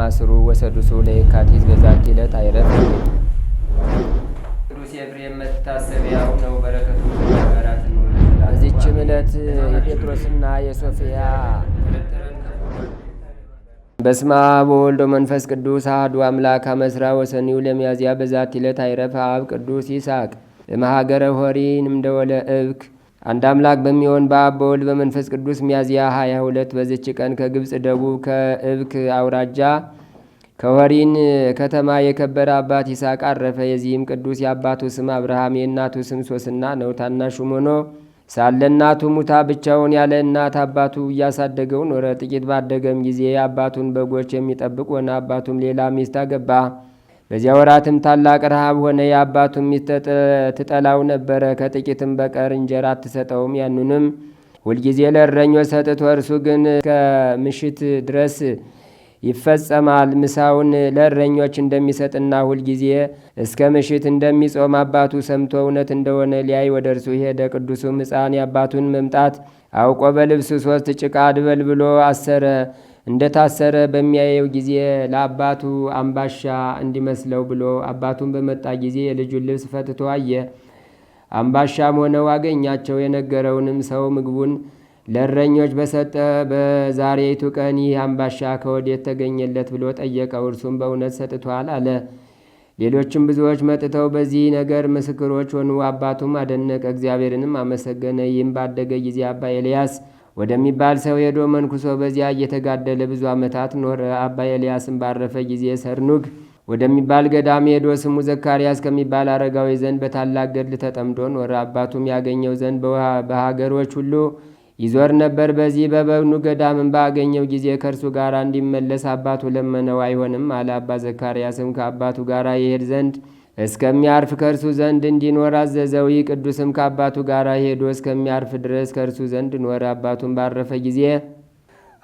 ማስሩ ወሰዱሱ ለየካቲት በዛቲ ዕለት አይረፍ ቅዱስ ኤፍሬም መታሰቢያው ነው። በረከቱ ጋራት በዚችም ዕለት የጴጥሮስና የሶፊያ በስማ በወልዶ መንፈስ ቅዱስ አህዱ አምላክ አመስራ ወሰኒው ለሚያዝያ በዛቲ ዕለት አይረፍ አብ ቅዱስ ይስሐቅ ማሀገረ ሆሪን እምደወለ እብክ አንድ አምላክ በሚሆን በአብ በወልድ በመንፈስ ቅዱስ ሚያዝያ 22 በዚች ቀን ከግብፅ ደቡብ ከእብክ አውራጃ ከወሪን ከተማ የከበረ አባት ይስሐቅ አረፈ። የዚህም ቅዱስ የአባቱ ስም አብርሃም የእናቱ ስም ሶስና ነው። ታናሹም ሆኖ ሳለ እናቱ ሙታ ብቻውን ያለ እናት አባቱ እያሳደገው ኖረ። ጥቂት ባደገም ጊዜ አባቱን በጎች የሚጠብቅ ሆነ። አባቱም ሌላ ሚስት አገባ። በዚያ ወራትም ታላቅ ረሃብ ሆነ። የአባቱ ሚስት ትጠላው ነበረ፣ ከጥቂትም በቀር እንጀራ አትሰጠውም። ያኑንም ሁልጊዜ ለእረኞች ሰጥቶ እርሱ ግን እስከ ምሽት ድረስ ይፈጸማል። ምሳውን ለእረኞች እንደሚሰጥና ሁልጊዜ እስከ ምሽት እንደሚጾም አባቱ ሰምቶ እውነት እንደሆነ ሊያይ ወደ እርሱ ሄደ። ቅዱሱም ሕፃን የአባቱን መምጣት አውቆ በልብሱ ሶስት ጭቃ ብሎ አሰረ። እንደ ታሰረ በሚያየው ጊዜ ለአባቱ አምባሻ እንዲመስለው ብሎ አባቱን በመጣ ጊዜ የልጁን ልብስ ፈትቶ አየ። አምባሻም ሆነው አገኛቸው። የነገረውንም ሰው ምግቡን ለእረኞች በሰጠ በዛሬይቱ ቀን ይህ አምባሻ ከወዴት ተገኘለት ብሎ ጠየቀው። እርሱም በእውነት ሰጥቷል አለ። ሌሎችም ብዙዎች መጥተው በዚህ ነገር ምስክሮች ሆኑ። አባቱም አደነቀ፣ እግዚአብሔርንም አመሰገነ። ይህም ባደገ ጊዜ አባ ኤልያስ ወደሚባል ሰው ሄዶ መንኩሶ በዚያ እየተጋደለ ብዙ ዓመታት ኖረ። አባ ኤልያስም ባረፈ ጊዜ ሰርኑግ ወደሚባል ገዳም ሄዶ ስሙ ዘካርያስ ከሚባል አረጋዊ ዘንድ በታላቅ ገድል ተጠምዶ ኖረ። አባቱም ያገኘው ዘንድ በሀገሮች ሁሉ ይዞር ነበር። በዚህ በበግኑ ገዳምን ባገኘው ጊዜ ከእርሱ ጋር እንዲመለስ አባቱ ለመነው፣ አይሆንም አለ። አባ ዘካርያስም ከአባቱ ጋር ይሄድ ዘንድ እስከሚያርፍ ከእርሱ ዘንድ እንዲኖር አዘዘው። ይህ ቅዱስም ከአባቱ ጋር ሄዶ እስከሚያርፍ ድረስ ከእርሱ ዘንድ ኖረ። አባቱን ባረፈ ጊዜ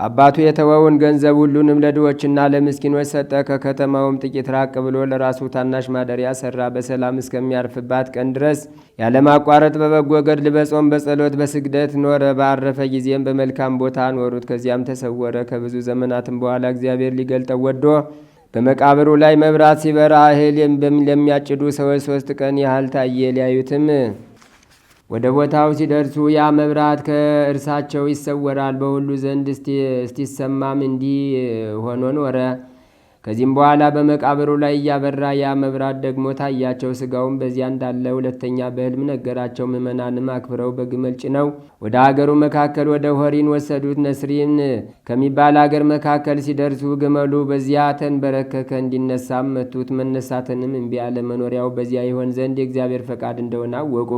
አባቱ የተወውን ገንዘብ ሁሉንም ለድሆችና ለምስኪኖች ሰጠ። ከከተማውም ጥቂት ራቅ ብሎ ለራሱ ታናሽ ማደሪያ ሰራ። በሰላም እስከሚያርፍባት ቀን ድረስ ያለማቋረጥ በበጎ ገድል፣ በጾም፣ በጸሎት፣ በስግደት ኖረ። ባረፈ ጊዜም በመልካም ቦታ ኖሩት። ከዚያም ተሰወረ። ከብዙ ዘመናትም በኋላ እግዚአብሔር ሊገልጠው ወዶ በመቃብሩ ላይ መብራት ሲበራ እህል ለሚያጭዱ ሰዎች ሶስት ቀን ያህል ታየ። ሊያዩትም ወደ ቦታው ሲደርሱ ያ መብራት ከእርሳቸው ይሰወራል። በሁሉ ዘንድ እስቲሰማም እንዲህ ሆኖ ኖረ። ከዚህም በኋላ በመቃብሩ ላይ እያበራ ያ መብራት ደግሞ ታያቸው። ስጋውም በዚያ እንዳለ ሁለተኛ በህልም ነገራቸው። ምዕመናንም አክብረው በግመል ጭነው ወደ አገሩ መካከል ወደ ሆሪን ወሰዱት። ነስሪን ከሚባል አገር መካከል ሲደርሱ ግመሉ በዚያ ተንበረከከ። እንዲነሳም መቱት። መነሳትንም እምቢ አለ። መኖሪያው በዚያ ይሆን ዘንድ የእግዚአብሔር ፈቃድ እንደሆነ አወቁ።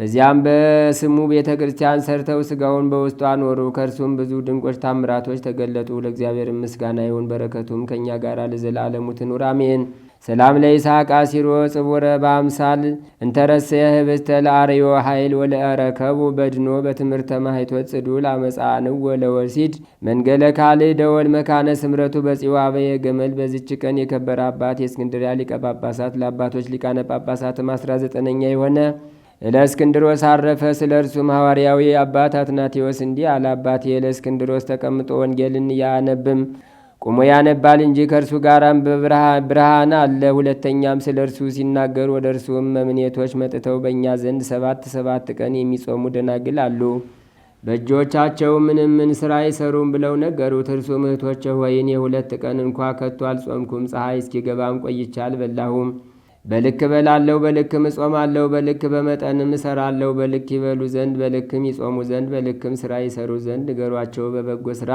በዚያም በስሙ ቤተ ክርስቲያን ሰርተው ስጋውን በውስጡ አኖሩ። ከእርሱም ብዙ ድንቆች ታምራቶች ተገለጡ። ለእግዚአብሔር ምስጋና ይሁን፣ በረከቱም ከእኛ ጋር ለዘላለሙ ትኑር አሜን። ሰላም ለይስሐቅ አሲሮ ጽቡረ በአምሳል እንተረሰ ህብስተ ለአርዮ ኃይል ወለአረከቡ በድኖ በትምህርተ ማይቶ ጽዱል አመፃን ወለወሲድ መንገለ ካል ደወል መካነ ስምረቱ በጺዋ በየ ገመል። በዚች ቀን የከበረ አባት የእስክንድሪያ ሊቀ ጳጳሳት ለአባቶች ሊቃነ ጳጳሳትም አስራ ዘጠነኛ የሆነ ለእስክንድሮስ አረፈ። ስለ እርሱም ሐዋርያዊ አባት አትናቴዎስ እንዲህ አለ። አባቴ ለእስክንድሮስ ተቀምጦ ወንጌልን ያነብም ቁሞ ያነባል እንጂ ከእርሱ ጋራም ብርሃን አለ። ሁለተኛም ስለ እርሱ ሲናገሩ ወደ እርሱም መምኔቶች መጥተው በእኛ ዘንድ ሰባት ሰባት ቀን የሚጾሙ ደናግል አሉ፣ በእጆቻቸው ምንም ምን ስራ አይሰሩም ብለው ነገሩት። እርሱ ምህቶች ሆይ የሁለት ቀን እንኳ ከቶ አልጾምኩም፣ ፀሐይ እስኪገባም ቆይቻል አልበላሁም በልክ በላለው በልክም እጾማለሁ በልክ በመጠንም እሰራለሁ በልክ ይበሉ ዘንድ በልክም ይጾሙ ዘንድ በልክም ስራ ይሰሩ ዘንድ ንገሯቸው በበጎ ስራ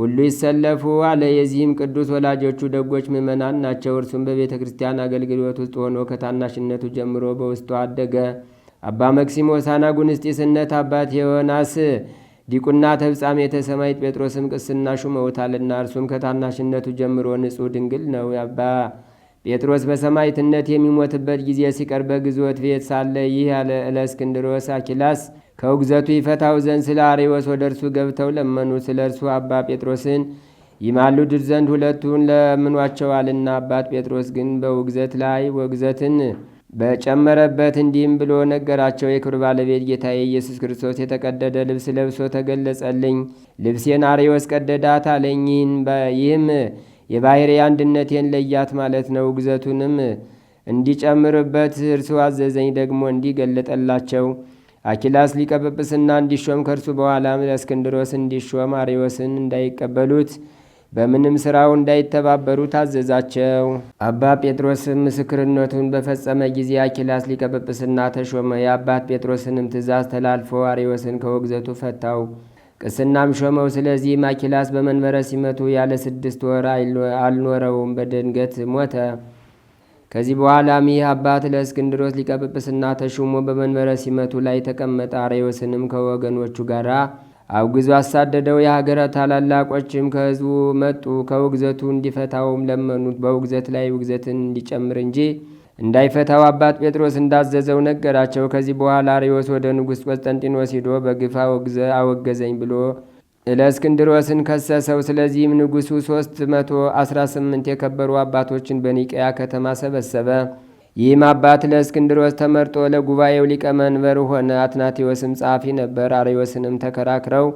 ሁሉ ይሰለፉ አለ። የዚህም ቅዱስ ወላጆቹ ደጎች ምእመናን ናቸው። እርሱም በቤተ ክርስቲያን አገልግሎት ውስጥ ሆኖ ከታናሽነቱ ጀምሮ በውስጡ አደገ። አባ መክሲሞስ አናጉንስጢስነት፣ አባት ዮናስ ዲቁና፣ ተፍጻሜተ ሰማዕት ጴጥሮስም ቅስና ሹመውታልና እርሱም ከታናሽነቱ ጀምሮ ንጹሕ ድንግል ነው። አባ ጴጥሮስ በሰማዕትነት የሚሞትበት ጊዜ ሲቀርበ ግዞት ቤት ሳለ ይህ ያለ እለእስክንድሮስ አኪላስ ከውግዘቱ ይፈታው ዘንድ ስለ አርዮስ ወደ እርሱ ገብተው ለመኑ። ስለ እርሱ አባ ጴጥሮስን ይማልዱት ዘንድ ሁለቱን ለምኗቸዋልና፣ አባት ጴጥሮስ ግን በውግዘት ላይ ውግዘትን በጨመረበት እንዲህም ብሎ ነገራቸው። የክብር ባለቤት ጌታዬ ኢየሱስ ክርስቶስ የተቀደደ ልብስ ለብሶ ተገለጸልኝ። ልብሴን አርዮስ ቀደዳት አለኝ። ይህም የባሕርይ አንድነቴን ለያት ማለት ነው። ግዘቱንም እንዲጨምርበት እርሱ አዘዘኝ። ደግሞ እንዲገለጠላቸው አኪላስ ሊቀ ጵጵስና እንዲሾም ከእርሱ በኋላም ለእስክንድሮስ እንዲሾም አሪዎስን እንዳይቀበሉት በምንም ሥራው እንዳይተባበሩ ታዘዛቸው። አባ ጴጥሮስም ምስክርነቱን በፈጸመ ጊዜ አኪላስ ሊቀ ጵጵስና ተሾመ። የአባት ጴጥሮስንም ትእዛዝ ተላልፎ አሪዎስን ከውግዘቱ ፈታው። ቅስናም ሾመው። ስለዚህ ማኪላስ በመንበረ ሲመቱ ያለ ስድስት ወር አልኖረውም፣ በድንገት ሞተ። ከዚህ በኋላም ይህ አባት ለእስክንድሮስ ሊቀ ጵጵስና ተሹሞ በመንበረ ሲመቱ ላይ ተቀመጠ። አርዮስንም ከወገኖቹ ጋር አውግዞ አሳደደው። የሀገረ ታላላቆችም ከህዝቡ መጡ። ከውግዘቱ እንዲፈታውም ለመኑት። በውግዘት ላይ ውግዘትን እንዲጨምር እንጂ እንዳይፈታው አባት ጴጥሮስ እንዳዘዘው ነገራቸው። ከዚህ በኋላ አርዮስ ወደ ንጉሥ ቆስጠንጢኖስ ሂዶ ወግዘ አወገዘኝ ብሎ እለእስክንድሮስን ከሰሰው። ስለዚህም ንጉሡ ሦስት መቶ አስራ ስምንት የከበሩ አባቶችን በኒቀያ ከተማ ሰበሰበ። ይህም አባት ለእስክንድሮስ ተመርጦ ለጉባኤው ሊቀመንበር ሆነ። አትናቴዎስም ጸሐፊ ነበር። አርዮስንም ተከራክረው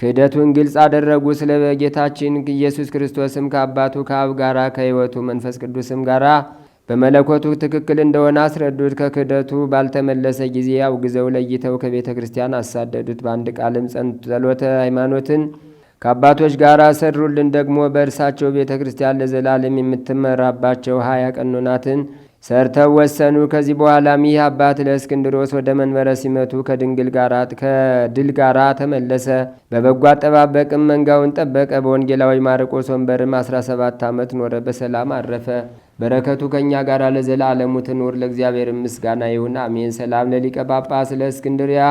ክህደቱን ግልጽ አደረጉ። ስለ ጌታችን ኢየሱስ ክርስቶስም ከአባቱ ከአብ ጋራ ከሕይወቱ መንፈስ ቅዱስም ጋራ በመለኮቱ ትክክል እንደሆነ አስረዱት። ከክህደቱ ባልተመለሰ ጊዜ አውግዘው ለይተው ከቤተ ክርስቲያን አሳደዱት። በአንድ ቃልም ጸሎተ ሃይማኖትን ከአባቶች ጋር ሰሩልን። ደግሞ በእርሳቸው ቤተ ክርስቲያን ለዘላለም የምትመራባቸው ሀያ ቀኖናትን ሰርተው ወሰኑ። ከዚህ በኋላም ይህ አባት ለእስክንድሮስ ወደ መንበረ ሲመቱ ከድል ጋራ ተመለሰ። በበጎ አጠባበቅም መንጋውን ጠበቀ። በወንጌላዊ ማርቆስ ወንበርም 17 ዓመት ኖረ፣ በሰላም አረፈ። በረከቱ ከእኛ ጋር ለዘላለሙ ትኑር። ለእግዚአብሔር ምስጋና ይሁን አሜን። ሰላም ለሊቀ ጳጳስ ለእስክንድሪያ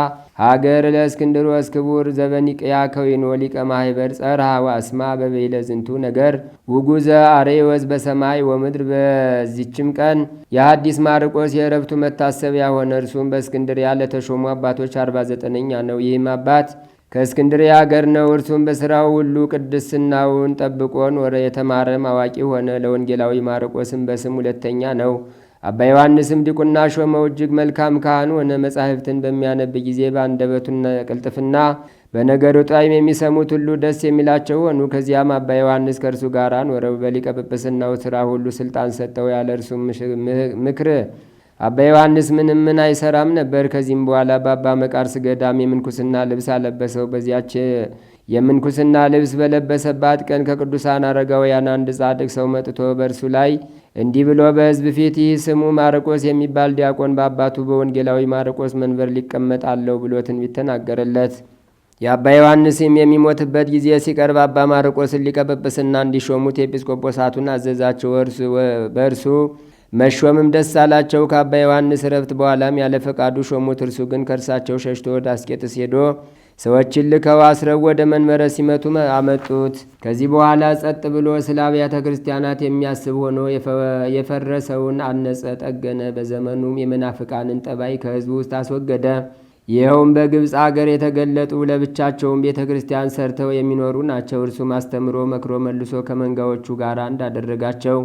ሀገር ለእስክንድር ወስክቡር ዘበኒቅያ ከዊኖ ሊቀ ማህበር ጸርሃ ዋስማ በበይለ ዝንቱ ነገር ውጉዘ አሬወዝ በሰማይ ወምድር። በዚችም ቀን የሐዲስ ማርቆስ የእረፍቱ መታሰቢያ ሆነ። እርሱም በእስክንድሪያ ለተሾሙ አባቶች አርባ ዘጠነኛ ነው። ይህም አባት ከእስክንድርያ አገር ነው። እርሱም በሥራው ሁሉ ቅድስናውን ጠብቆ ኖረ። የተማረም አዋቂ ሆነ። ለወንጌላዊ ማርቆስም በስም ሁለተኛ ነው። አባ ዮሐንስም ዲቁና ሾመው። እጅግ መልካም ካህኑ ሆነ። መጻሕፍትን በሚያነብ ጊዜ በአንደበቱና ቅልጥፍና በነገሩ ጣዕም የሚሰሙት ሁሉ ደስ የሚላቸው ሆኑ። ከዚያም አባ ዮሐንስ ከእርሱ ጋር ኖረው በሊቀ ጵጵስናው ሥራ ሁሉ ሥልጣን ሰጠው። ያለ እርሱ ምክር አባ ዮሐንስ ምንም ምን አይሰራም ነበር። ከዚህም በኋላ በአባ መቃርስ ገዳም የምንኩስና ልብስ አለበሰው። በዚያች የምንኩስና ልብስ በለበሰባት ቀን ከቅዱሳን አረጋውያን አንድ ጻድቅ ሰው መጥቶ በእርሱ ላይ እንዲህ ብሎ በሕዝብ ፊት ይህ ስሙ ማርቆስ የሚባል ዲያቆን በአባቱ በወንጌላዊ ማርቆስ መንበር ሊቀመጥ ብሎ ትንቢት ተናገረለት። የአባ ዮሐንስም የሚሞትበት ጊዜ ሲቀርብ አባ ማርቆስን ሊቀ ጵጵስና እንዲሾሙት ኤጲስቆጶሳቱን አዘዛቸው በእርሱ መሾምም ደስ አላቸው። ከአባ ዮሐንስ ረፍት በኋላም ያለ ፈቃዱ ሾሙት። እርሱ ግን ከእርሳቸው ሸሽቶ ወደ አስቄጥስ ሄዶ ሰዎችን ልከው አስረው ወደ መንበረ ሲመቱ አመጡት። ከዚህ በኋላ ጸጥ ብሎ ስለ አብያተ ክርስቲያናት የሚያስብ ሆኖ የፈረሰውን አነጸ፣ ጠገነ። በዘመኑም የመናፍቃንን ጠባይ ከህዝቡ ውስጥ አስወገደ። ይኸውም በግብፅ አገር የተገለጡ ለብቻቸውም ቤተ ክርስቲያን ሰርተው የሚኖሩ ናቸው። እርሱም አስተምሮ መክሮ መልሶ ከመንጋዎቹ ጋር እንዳደረጋቸው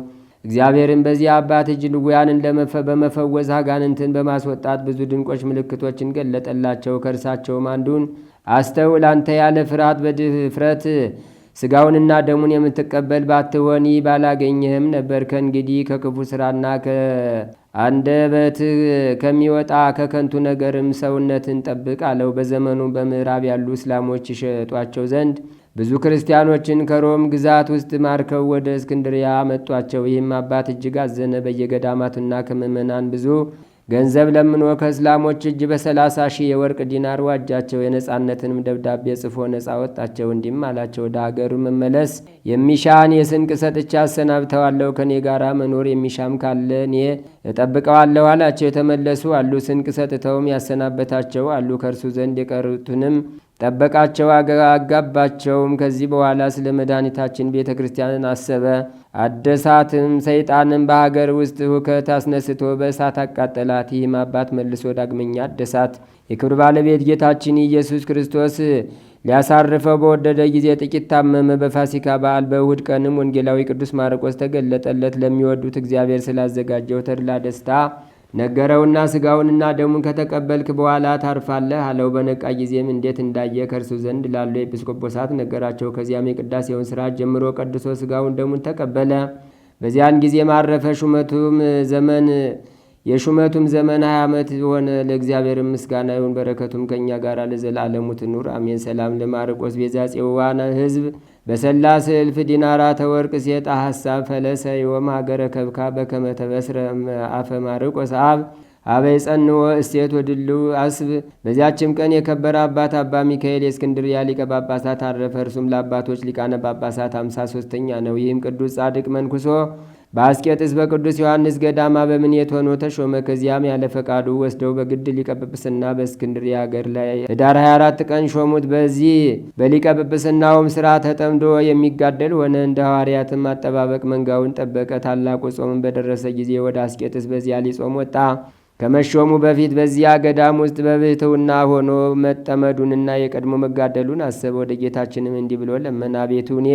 እግዚአብሔርን በዚህ አባት እጅ ድውያንን በመፈወስ አጋንንትን በማስወጣት ብዙ ድንቆች ምልክቶችን ገለጠላቸው። ከእርሳቸውም አንዱን አስተውል፣ አንተ ያለ ፍርሃት በድፍረት ስጋውንና ደሙን የምትቀበል ባትሆን ባላገኘህም ነበር። ከእንግዲህ ከክፉ ስራና በት ከሚወጣ ከከንቱ ነገርም ሰውነትን ጠብቅ አለው። በዘመኑ በምዕራብ ያሉ እስላሞች ይሸጧቸው ዘንድ ብዙ ክርስቲያኖችን ከሮም ግዛት ውስጥ ማርከው ወደ እስክንድሪያ መጧቸው። ይህም አባት እጅግ አዘነ። በየገዳማቱና ከምዕመናን ብዙ ገንዘብ ለምኖ ከእስላሞች እጅ በሰላሳ ሺህ የወርቅ ዲናር ዋጃቸው። የነጻነትንም ደብዳቤ ጽፎ ነጻ ወጣቸው። እንዲህም አላቸው፣ ወደ አገሩ መመለስ የሚሻን የስንቅ ሰጥቻ አሰናብተዋለሁ። ከኔ ጋር መኖር የሚሻም ካለ እኔ እጠብቀዋለሁ አላቸው። የተመለሱ አሉ፣ ስንቅ ሰጥተውም ያሰናበታቸው አሉ። ከእርሱ ዘንድ የቀሩትንም ጠበቃቸው፣ አጋባቸውም። ከዚህ በኋላ ስለ መድኃኒታችን ቤተ ክርስቲያንን አሰበ። አደሳትም። ሰይጣንም በሀገር ውስጥ ሁከት አስነስቶ በእሳት አቃጠላት። ይህም አባት መልሶ ዳግመኛ አደሳት። የክብር ባለቤት ጌታችን ኢየሱስ ክርስቶስ ሊያሳርፈው በወደደ ጊዜ ጥቂት ታመመ። በፋሲካ በዓል በእሁድ ቀንም ወንጌላዊ ቅዱስ ማርቆስ ተገለጠለት። ለሚወዱት እግዚአብሔር ስላዘጋጀው ተድላ ደስታ ነገረውና ስጋውንና ደሙን ከተቀበልክ በኋላ ታርፋለህ አለው። በነቃ ጊዜም እንዴት እንዳየ ከእርሱ ዘንድ ላሉ ኤጲስቆጶሳት ነገራቸው። ከዚያም የቅዳሴውን ሥርዓት ጀምሮ ቀድሶ ስጋውን ደሙን ተቀበለ። በዚያን ጊዜ ማረፈ። ሹመቱም ዘመን የሹመቱም ዘመን ሀያ ዓመት የሆነ ለእግዚአብሔር ምስጋና ይሁን። በረከቱም ከእኛ ጋር ለዘላለሙ ትኑር አሜን። ሰላም ለማርቆስ ቤዛ ጽዋነ ህዝብ በሰላ ስልፍ ዲናራ ተወርቅ ሴጣ ሀሳብ ፈለሰ ዮም ሀገረ ከብካ በከመተ በስረ አፈ ማርቆስ አብ አበይ ጸንዎ እስቴት ወድሉ አስብ። በዚያችም ቀን የከበረ አባት አባ ሚካኤል የእስክንድርያ ሊቀ ጳጳሳት አረፈ። እርሱም ለአባቶች ሊቃነ ጳጳሳት 53 ሶስተኛ ነው። ይህም ቅዱስ ጻድቅ መንኩሶ በአስቄጥስ በቅዱስ ዮሐንስ ገዳማ በምኔት ሆኖ ተሾመ። ከዚያም ያለ ፈቃዱ ወስደው በግድ ሊቀ በእስክንድሪ በእስክንድርያ አገር ላይ ህዳር 24 ቀን ሾሙት። በዚህ በሊቀ ስራ ተጠምዶ የሚጋደል ሆነ። እንደ ሐዋርያትም አጠባበቅ መንጋውን ጠበቀ። ታላቁ ጾምን በደረሰ ጊዜ ወደ አስቄጥስ በዚያ ሊጾም ወጣ። ከመሾሙ በፊት በዚያ ገዳም ውስጥ በብህትውና ሆኖ መጠመዱንና የቀድሞ መጋደሉን አሰበ። ወደ ጌታችንም እንዲህ ብሎ ለመና ቤቱ እኔ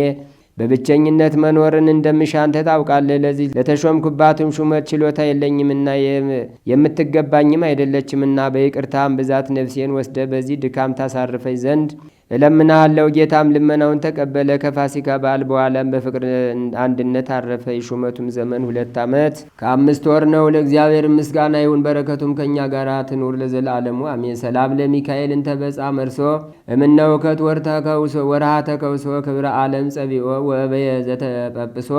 በብቸኝነት መኖርን እንደምሻ አንተ ታውቃለህ። ለዚህ ለተሾምኩባትም ሹመት ችሎታ የለኝምና የምትገባኝም አይደለችምና በይቅርታም ብዛት ነፍሴን ወስደ በዚህ ድካም ታሳርፈኝ ዘንድ እለምናሃለሁ። ጌታም ልመናውን ተቀበለ። ከፋሲካ በዓል በኋላም በፍቅር አንድነት አረፈ። የሹመቱም ዘመን ሁለት ዓመት ከአምስት ወር ነው። ለእግዚአብሔር ምስጋና ይሁን፣ በረከቱም ከእኛ ጋር ትኑር ለዘላለሙ አሜን። ሰላም ለሚካኤል እንተበጻ መርሶ እምነውከት ወርሃ ተከውሶ ክብረ ዓለም ጸቢኦ ወበየ ዘተጠጵሶ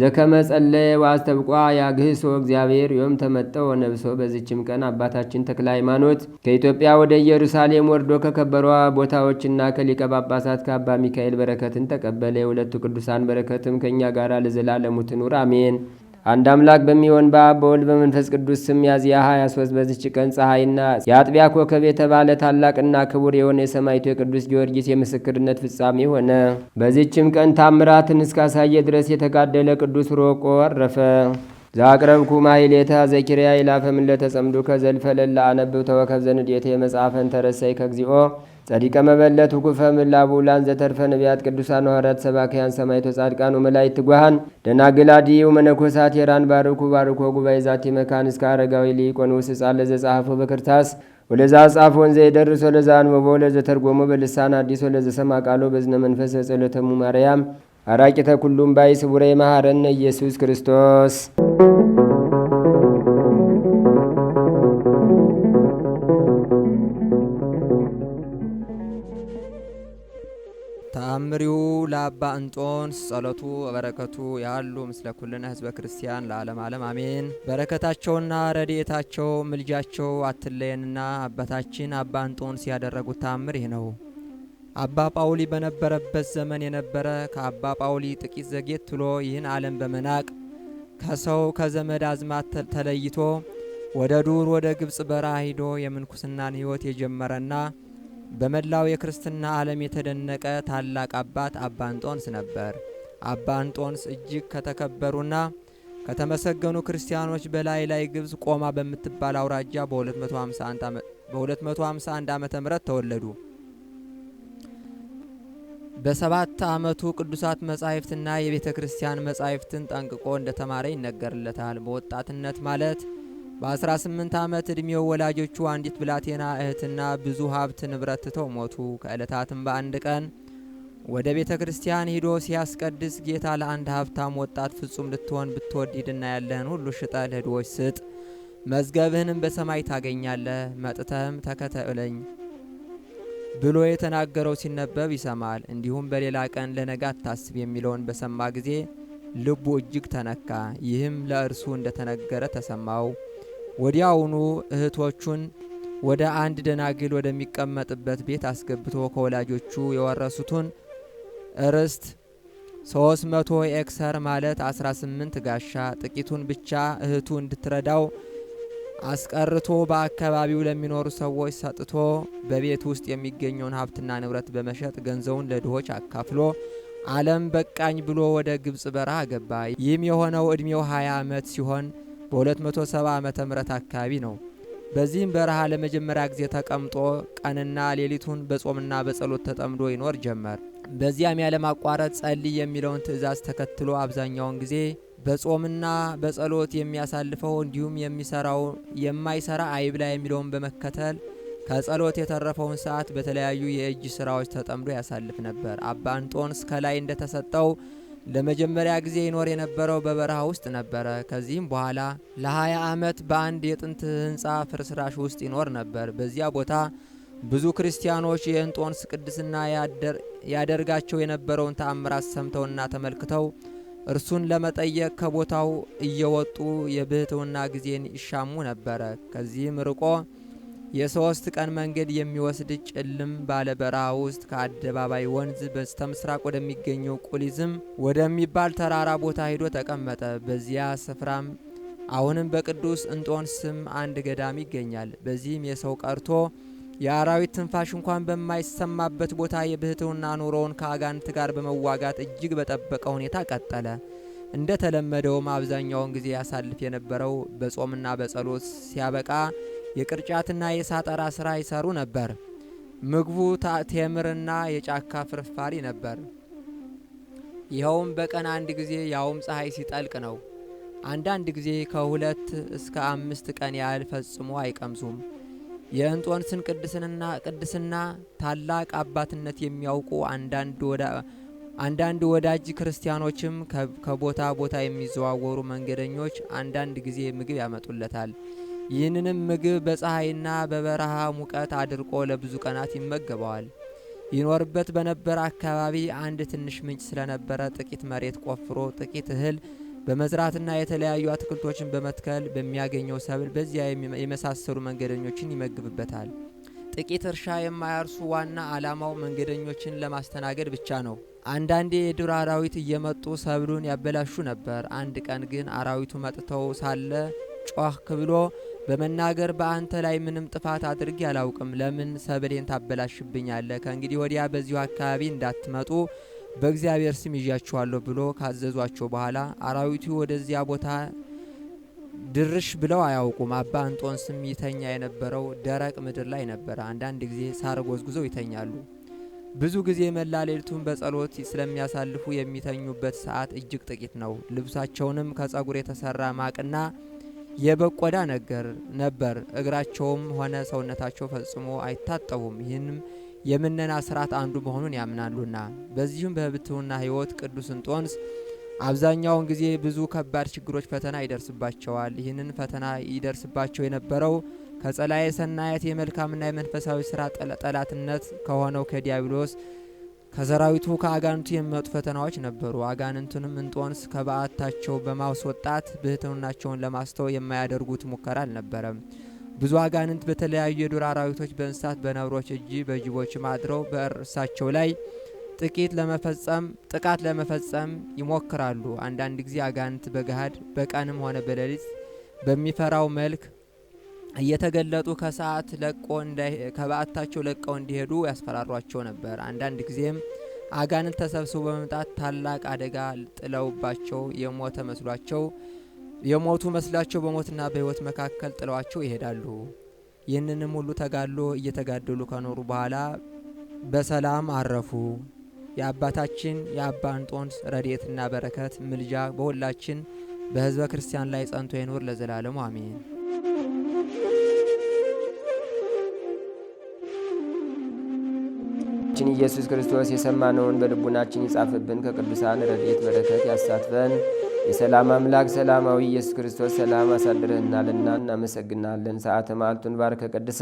ዘከመጸለየ ዋስተብቋ ያግህሶ እግዚአብሔር ዮም ተመጠው ነብሶ። በዚችም ቀን አባታችን ተክለ ሃይማኖት ከኢትዮጵያ ወደ ኢየሩሳሌም ወርዶ ከከበሯ ቦታዎችና ከሊቀ ጳጳሳት ከአባ ሚካኤል በረከትን ተቀበለ። የሁለቱ ቅዱሳን በረከትም ከእኛ ጋር ለዘላለሙ ትኑር አሜን። አንድ አምላክ በሚሆን በአብ በወልድ በመንፈስ ቅዱስ ስም ሚያዝያ 23 በዚች ቀን ፀሐይና የአጥቢያ ኮከብ የተባለ ታላቅና ክቡር የሆነ የሰማይቱ የቅዱስ ጊዮርጊስ የምስክርነት ፍጻሜ ሆነ። በዚችም ቀን ታምራትን እስካሳየ ድረስ የተጋደለ ቅዱስ ሮቆ አረፈ። ዛቅረብኩ ማይሌታ ዘኪርያ ይላፈምለ ተጸምዱ ከዘልፈለላ አነብብ ተወከብ ዘንድ የተ መጽሐፈን ተረሳይ ከግዚኦ ጸዲቀ መበለት ውኩፈ ምላቡላን ዘተርፈ ነቢያት ቅዱሳን ሐዋርያት ሰባክያን ሰማይቶ ጻድቃን መላእክት ትጓሃን ደናግላዲው መነኮሳት የራን ባርኩ ባርኮ ጉባኤ ዛቲ መካን እስከ አረጋዊ ሊቆን ውስ ጻለ ዘጻሐፎ በክርታስ ወለዛ ጻፎ ወንዘ የደርሶ ለዛ አንብቦ ለዘተርጎሞ በልሳን አዲስ ወለዘሰማ ቃሎ በዝነ መንፈስ ጸሎተሙ ማርያም አራቂተ ኩሉም ባይ ስቡረ መሐረነ ኢየሱስ ክርስቶስ ለአባ እንጦንስ ጸሎቱ በረከቱ ያሉ ምስለ ኩልነ ህዝበ ክርስቲያን ለዓለም ዓለም አሜን። በረከታቸውና ረድኤታቸው ምልጃቸው አትለየንና አባታችን አባ እንጦንስ ያደረጉት ታምር ይህ ነው። አባ ጳውሊ በነበረበት ዘመን የነበረ ከአባ ጳውሊ ጥቂት ዘጌት ትሎ ይህን ዓለም በመናቅ ከሰው ከዘመድ አዝማት ተለይቶ ወደ ዱር ወደ ግብፅ በረሃ ሂዶ የምንኩስናን ሕይወት የጀመረና በመላው የክርስትና ዓለም የተደነቀ ታላቅ አባት አባ እንጦንስ ነበር። አባ እንጦንስ እጅግ ከተከበሩና ከተመሰገኑ ክርስቲያኖች በላይ ላይ ግብጽ ቆማ በምትባል አውራጃ በ251 ዓመተ ምህረት ተወለዱ። በሰባት ዓመቱ ቅዱሳት መጻሕፍትና የቤተ ክርስቲያን መጻሕፍትን ጠንቅቆ እንደተማረ ይነገርለታል። በወጣትነት ማለት በ18 ዓመት ዕድሜው ወላጆቹ አንዲት ብላቴና እህትና ብዙ ሀብት ንብረት ትተው ሞቱ። ከዕለታትም በአንድ ቀን ወደ ቤተ ክርስቲያን ሂዶ ሲያስቀድስ ጌታ ለአንድ ሀብታም ወጣት ፍጹም ልትሆን ብትወድ ሂድና ያለህን ሁሉ ሽጠ ለድሆች ስጥ፣ መዝገብህንም በሰማይ ታገኛለህ፣ መጥተህም ተከተለኝ ብሎ የተናገረው ሲነበብ ይሰማል። እንዲሁም በሌላ ቀን ለነገ አታስብ የሚለውን በሰማ ጊዜ ልቡ እጅግ ተነካ። ይህም ለእርሱ እንደተነገረ ተሰማው። ወዲያውኑ እህቶቹን ወደ አንድ ደናግል ወደሚቀመጥበት ቤት አስገብቶ ከወላጆቹ የወረሱትን ርስት ሶስት መቶ ኤክሰር ማለት አስራ ስምንት ጋሻ ጥቂቱን ብቻ እህቱ እንድትረዳው አስቀርቶ በአካባቢው ለሚኖሩ ሰዎች ሰጥቶ በቤት ውስጥ የሚገኘውን ሀብትና ንብረት በመሸጥ ገንዘቡን ለድሆች አካፍሎ ዓለም በቃኝ ብሎ ወደ ግብፅ በረሃ ገባ። ይህም የሆነው ዕድሜው ሀያ ዓመት ሲሆን በ270 ዓመተ ምህረት አካባቢ ነው። በዚህም በረሃ ለመጀመሪያ ጊዜ ተቀምጦ ቀንና ሌሊቱን በጾምና በጸሎት ተጠምዶ ይኖር ጀመር። በዚያም ያለማቋረጥ ጸልይ የሚለውን ትእዛዝ ተከትሎ አብዛኛውን ጊዜ በጾምና በጸሎት የሚያሳልፈው እንዲሁም የሚሰራው የማይሰራ አይብላ የሚለውን በመከተል ከጸሎት የተረፈውን ሰዓት በተለያዩ የእጅ ስራዎች ተጠምዶ ያሳልፍ ነበር። አባ እንጦንስ ከላይ እንደተሰጠው ለመጀመሪያ ጊዜ ይኖር የነበረው በበረሃ ውስጥ ነበረ። ከዚህም በኋላ ለ20 ዓመት በአንድ የጥንት ሕንፃ ፍርስራሽ ውስጥ ይኖር ነበር። በዚያ ቦታ ብዙ ክርስቲያኖች የእንጦንስ ቅድስና ያደርጋቸው የነበረውን ተአምራት ሰምተውና ተመልክተው እርሱን ለመጠየቅ ከቦታው እየወጡ የብህትውና ጊዜን ይሻሙ ነበረ። ከዚህም ርቆ የሶስት ቀን መንገድ የሚወስድ ጭልም ባለ በረሃ ውስጥ ከአደባባይ ወንዝ በስተ ምስራቅ ወደሚገኘው ቁሊዝም ወደሚባል ተራራ ቦታ ሄዶ ተቀመጠ። በዚያ ስፍራም አሁንም በቅዱስ እንጦን ስም አንድ ገዳም ይገኛል። በዚህም የሰው ቀርቶ የአራዊት ትንፋሽ እንኳን በማይሰማበት ቦታ የብህትውና ኑሮውን ከአጋንንት ጋር በመዋጋት እጅግ በጠበቀ ሁኔታ ቀጠለ። እንደ ተለመደውም አብዛኛውን ጊዜ ያሳልፍ የነበረው በጾምና በጸሎት ሲያበቃ የቅርጫትና የሳጠራ ስራ ይሰሩ ነበር። ምግቡ ቴምርና የጫካ ፍርፋሪ ነበር። ይኸውም በቀን አንድ ጊዜ ያውም ፀሐይ ሲጠልቅ ነው። አንዳንድ ጊዜ ከሁለት እስከ አምስት ቀን ያህል ፈጽሞ አይቀምሱም። የእንጦንስን ቅድስና ቅድስና ታላቅ አባትነት የሚያውቁ አንዳንድ ወዳጅ ክርስቲያኖችም ከቦታ ቦታ የሚዘዋወሩ መንገደኞች አንዳንድ ጊዜ ምግብ ያመጡለታል። ይህንንም ምግብ በፀሐይና በበረሃ ሙቀት አድርቆ ለብዙ ቀናት ይመገበዋል። ይኖርበት በነበረ አካባቢ አንድ ትንሽ ምንጭ ስለነበረ ጥቂት መሬት ቆፍሮ ጥቂት እህል በመዝራትና የተለያዩ አትክልቶችን በመትከል በሚያገኘው ሰብል በዚያ የመሳሰሉ መንገደኞችን ይመግብበታል። ጥቂት እርሻ የማያርሱ ዋና ዓላማው መንገደኞችን ለማስተናገድ ብቻ ነው። አንዳንዴ የዱር አራዊት እየመጡ ሰብሉን ያበላሹ ነበር። አንድ ቀን ግን አራዊቱ መጥተው ሳለ ጮህ ብሎ በመናገር በአንተ ላይ ምንም ጥፋት አድርጌ አላውቅም። ለምን ሰብሌን ታበላሽብኛለህ? ከእንግዲህ ወዲያ በዚሁ አካባቢ እንዳትመጡ በእግዚአብሔር ስም ይዣችኋለሁ ብሎ ካዘዟቸው በኋላ አራዊቱ ወደዚያ ቦታ ድርሽ ብለው አያውቁም። አባ ስም ይተኛ የነበረው ደረቅ ምድር ላይ ነበረ። አንዳንድ ጊዜ ሳር ጎዝጉዘው ይተኛሉ። ብዙ ጊዜ መላ ሌሊቱን በጸሎት ስለሚያሳልፉ የሚተኙበት ሰዓት እጅግ ጥቂት ነው። ልብሳቸውንም ከጸጉር የተሰራ ማቅና የበቆዳ ቆዳ ነገር ነበር። እግራቸውም ሆነ ሰውነታቸው ፈጽሞ አይታጠቡም። ይህንም የምነና ስርዓት አንዱ መሆኑን ያምናሉና። በዚሁም በሕብትና ሕይወት ቅዱስ እንጦንስ አብዛኛውን ጊዜ ብዙ ከባድ ችግሮች ፈተና ይደርስባቸዋል። ይህንን ፈተና ይደርስባቸው የነበረው ከጸላኤ ሰናየት የመልካምና የመንፈሳዊ ስራ ጠላትነት ከሆነው ከዲያብሎስ ከሰራዊቱ ከአጋንንቱ የሚመጡ ፈተናዎች ነበሩ። አጋንንቱንም እንጦንስ ከበዓታቸው በማስወጣት ብህትናቸውን ለማስተው የማያደርጉት ሙከራ አልነበረም። ብዙ አጋንንት በተለያዩ የዱር አራዊቶች፣ በእንስሳት፣ በነብሮች እጅ በጅቦችም አድረው በእርሳቸው ላይ ጥቂት ለመፈጸም ጥቃት ለመፈጸም ይሞክራሉ። አንዳንድ ጊዜ አጋንንት በገሃድ በቀንም ሆነ በሌሊት በሚፈራው መልክ እየተገለጡ ከሰዓት ለቆ ከበዓታቸው ለቀው እንዲሄዱ ያስፈራሯቸው ነበር። አንዳንድ ጊዜም አጋንንት ተሰብስበው በመምጣት ታላቅ አደጋ ጥለውባቸው የሞተ መስሏቸው የሞቱ መስሏቸው በሞትና በሕይወት መካከል ጥለዋቸው ይሄዳሉ። ይህንንም ሁሉ ተጋድሎ እየተጋደሉ ከኖሩ በኋላ በሰላም አረፉ። የአባታችን የአባ እንጦንስ ረድኤትና በረከት ምልጃ በሁላችን በሕዝበ ክርስቲያን ላይ ጸንቶ ይኖር ለዘላለሙ አሜን። ችን ኢየሱስ ክርስቶስ የሰማነውን በልቡናችን ይጻፍብን፣ ከቅዱሳን ረድኤት በረከት ያሳትፈን። የሰላም አምላክ ሰላማዊ ኢየሱስ ክርስቶስ ሰላም አሳድረህናልና እናመሰግናለን። ሰዓተ ማልቱን ባርከ ቀድሰ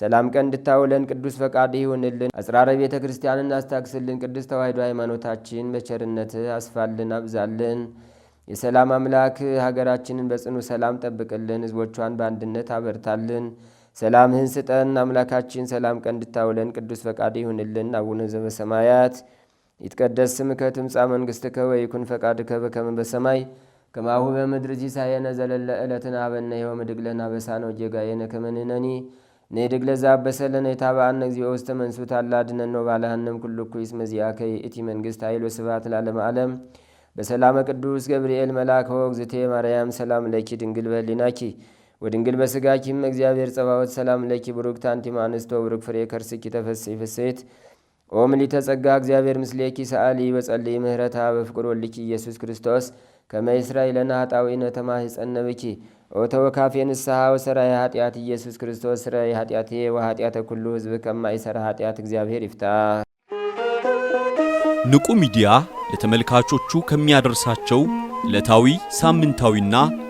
ሰላም ቀን እንድታውለን ቅዱስ ፈቃድ ይሁንልን። አጽራረ ቤተ ክርስቲያን እናስታክስልን። ቅዱስ ተዋሕዶ ሃይማኖታችን በቸርነት አስፋልን፣ አብዛልን። የሰላም አምላክ ሀገራችንን በጽኑ ሰላም ጠብቅልን፣ ህዝቦቿን በአንድነት አበርታልን። ሰላምህን ስጠን። አምላካችን ሰላም ቀን እንድታውለን ቅዱስ ፈቃድ ይሁንልን። አቡነ ዘበሰማያት ይትቀደስ ስምከ ትምጻእ መንግሥትከ ወይኩን ፈቃድከ በከመ በሰማይ ከማሁ በምድር ሲሳየነ ዘለለ ዕለትነ ሀበነ ዮም ወኅድግ ለነ አበሳነ ወጌጋየነ ከመ ንሕነኒ ንኅድግ ለዘአበሰ ለነ የታብአነ እግዚኦ ውስተ መንሱት አላ ወባልሐነም ኩሉ ኩይስ መዚአከ ይእቲ መንግሥት ኃይል ወስብሐት ለዓለመ ዓለም በሰላመ ቅዱስ ገብርኤል መልአክ ሆ ማርያም ሰላም ለኪ ድንግል በኅሊናኪ ወድንግል በስጋኪም እግዚአብሔር ጸባወት ሰላም ለኪ ብሩክ አንቲ እምአንስቶ ብሩክ ፍሬ ከርስኪ ተፈሥሒ ፍሴት ኦም ምልዕተ ጸጋ እግዚአብሔር ምስሌኪ ሰአሊ በጸልይ ምህረታ በፍቅር ወልኪ ኢየሱስ ክርስቶስ ከመ ይሥራይ ነተማ ይጸነብኪ ተማኅፀነ ካፌ ኦ ንስሓ ወሰራይ ኃጢአት ኢየሱስ ክርስቶስ ስራይ ኃጢአቴ ወኃጢአተ ኩሉ ሕዝብ ከማይሠራ ኃጢአት እግዚአብሔር ይፍታ። ንቁ ሚዲያ ለተመልካቾቹ ከሚያደርሳቸው ዕለታዊ ሳምንታዊና